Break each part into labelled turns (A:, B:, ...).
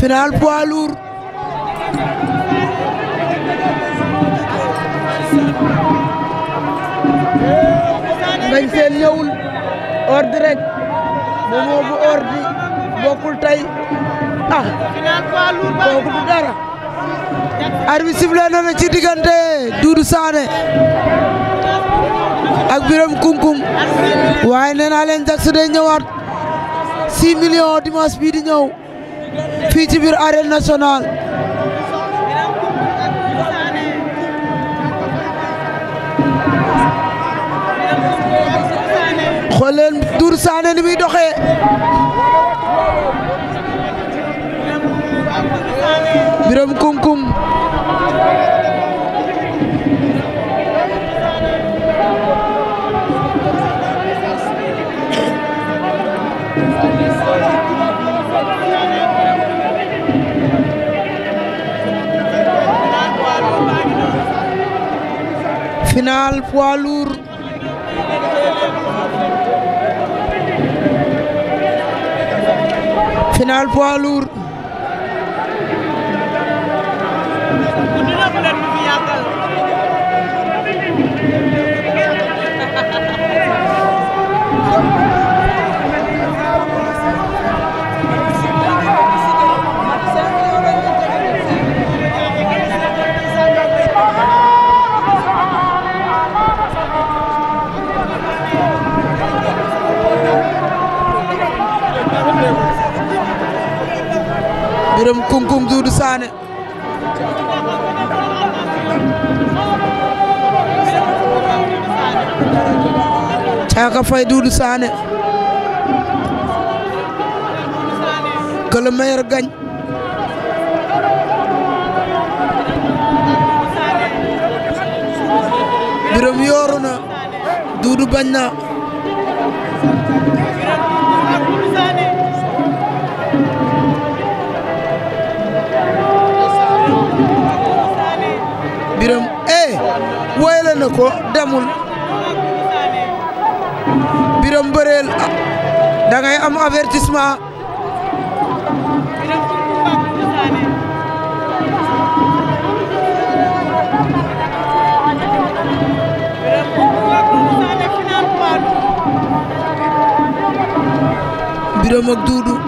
A: final poids lourd ngañ seen ñëwul ordre rek moomoo bu ordre bokkul tey ah kooku du dara arbi sifflé na ci diggante Doudou Sané ak Biram Kungkung waaye nee naa leen Jackson day ñëwaat 6 millions dimanche bii di ñëw fii ci biir arène nationale xool leen Dour Sané final poids lourd final poids lourd biram kunkung duudu saane caaka fay duudu saane que le meilleur biram yooru duudu bañ woyale na ko demul biram bëreel da ngay am avertissement biram ak duudu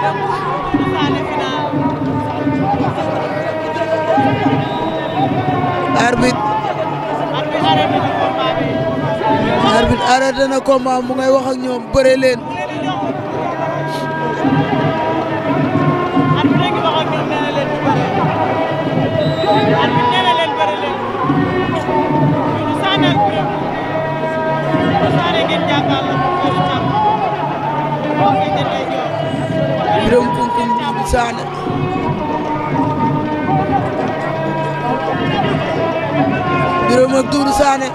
A: arbit arbitre arrêté na combat mu ngay wax ak ñoom bëre leen Sané Birame ak Doudou Sané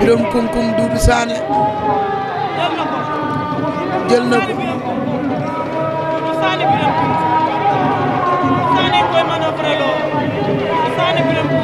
A: Birame Koungkoung Doudou Sané jël na ko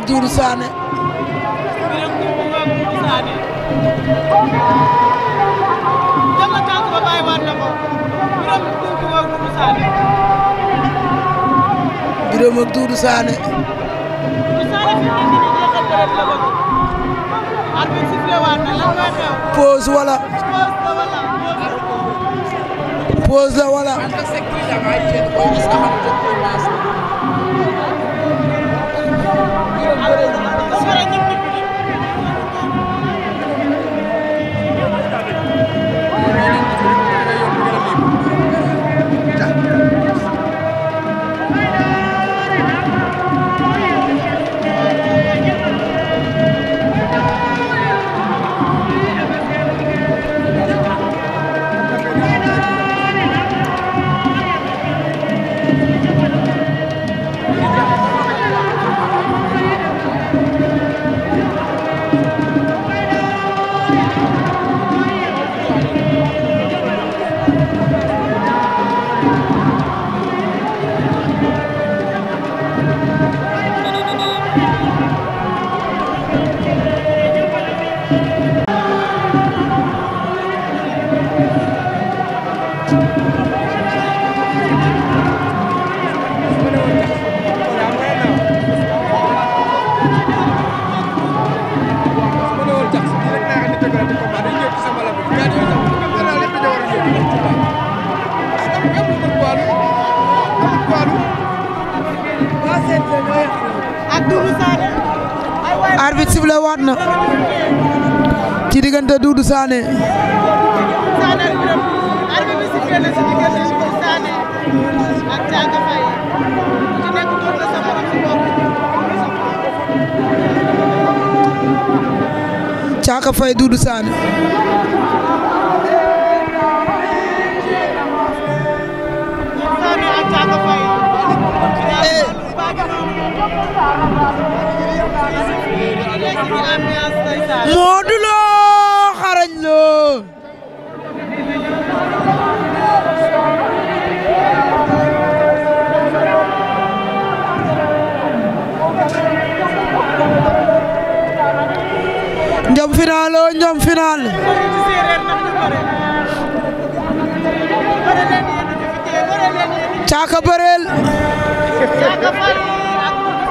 A: ak Doudou Sané. Biram ak Doudou Sané. pause wala. pause la wala. arbitre sifflé waat na ci diggante Doudou Sané Caaka Faye Doudou Sané Modou Lo caaka bëreel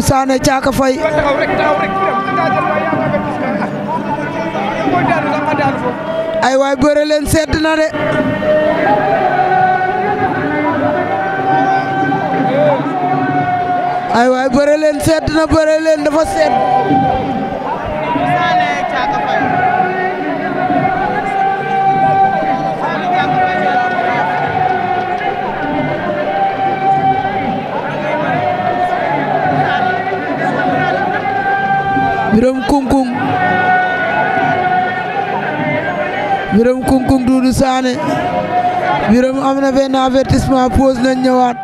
A: Modou Sané Thiaka Faye ay waay bëre seet sedd na ay waay bëre leen sedd na bëre leen dafa seet Sané kunkung biram kunkung Doudou Sané biram am na benn avertissement pause nañ ñëwaat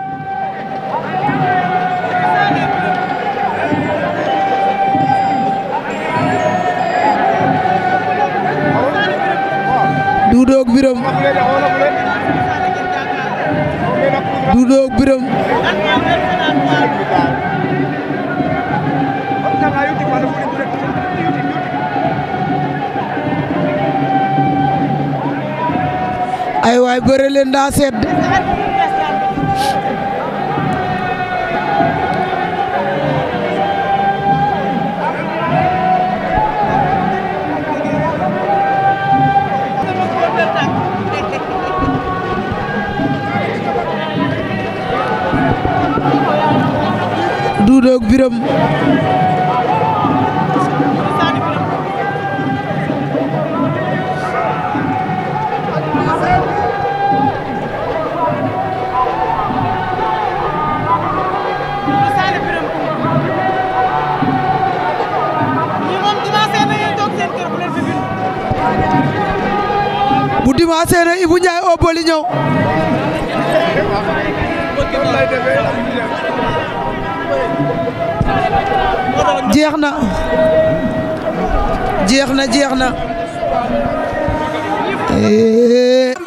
A: Doudou ak biram ay waay leen daa sedd duudoog biram dimanche na Ibou Ndiaye Oboli ñëw jeex na jeex na jeex na eh.